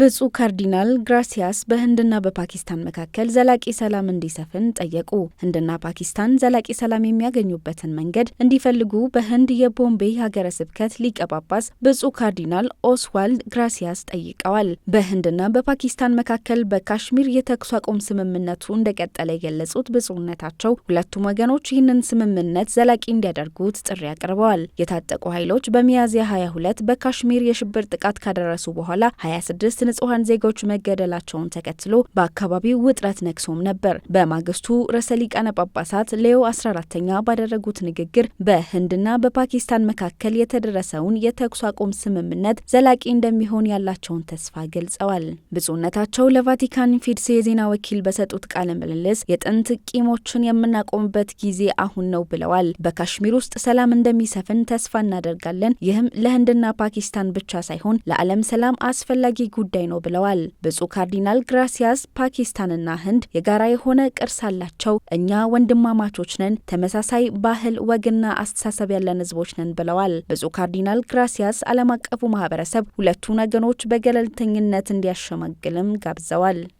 ብፁዕ ካርዲናል ግራሲያስ በህንድና በፓኪስታን መካከል ዘላቂ ሰላም እንዲሰፍን ጠየቁ። ህንድና ፓኪስታን ዘላቂ ሰላም የሚያገኙበትን መንገድ እንዲፈልጉ በህንድ የቦምቤ ሀገረ ስብከት ሊቀ ጳጳስ ብፁዕ ካርዲናል ኦስዋልድ ግራሲያስ ጠይቀዋል። በህንድና በፓኪስታን መካከል በካሽሚር የተኩስ አቁም ስምምነቱ እንደቀጠለ የገለጹት ብፁዕነታቸው ሁለቱም ወገኖች ይህንን ስምምነት ዘላቂ እንዲያደርጉት ጥሪ አቅርበዋል። የታጠቁ ኃይሎች በሚያዝያ 22 በካሽሚር የሽብር ጥቃት ካደረሱ በኋላ 26 ንጹሐን ዜጋዎች መገደላቸውን ተከትሎ በአካባቢው ውጥረት ነግሶም ነበር። በማግስቱ ርዕሰ ሊቃነ ጳጳሳት ሌዮ 14ተኛ ባደረጉት ንግግር በህንድና በፓኪስታን መካከል የተደረሰውን የተኩስ አቁም ስምምነት ዘላቂ እንደሚሆን ያላቸውን ተስፋ ገልጸዋል። ብፁዕነታቸው ለቫቲካን ፊድስ የዜና ወኪል በሰጡት ቃለ ምልልስ የጥንት ቂሞችን የምናቆምበት ጊዜ አሁን ነው ብለዋል። በካሽሚር ውስጥ ሰላም እንደሚሰፍን ተስፋ እናደርጋለን። ይህም ለህንድና ፓኪስታን ብቻ ሳይሆን ለዓለም ሰላም አስፈላጊ ጉዳይ ጉዳይ ነው ብለዋል። ብፁዕ ካርዲናል ግራሲያስ ፓኪስታንና ህንድ የጋራ የሆነ ቅርስ አላቸው፣ እኛ ወንድማማቾች ነን፣ ተመሳሳይ ባህል፣ ወግና አስተሳሰብ ያለን ህዝቦች ነን ብለዋል። ብፁዕ ካርዲናል ግራሲያስ ዓለም አቀፉ ማህበረሰብ ሁለቱን ወገኖች በገለልተኝነት እንዲያሸመግልም ጋብዘዋል።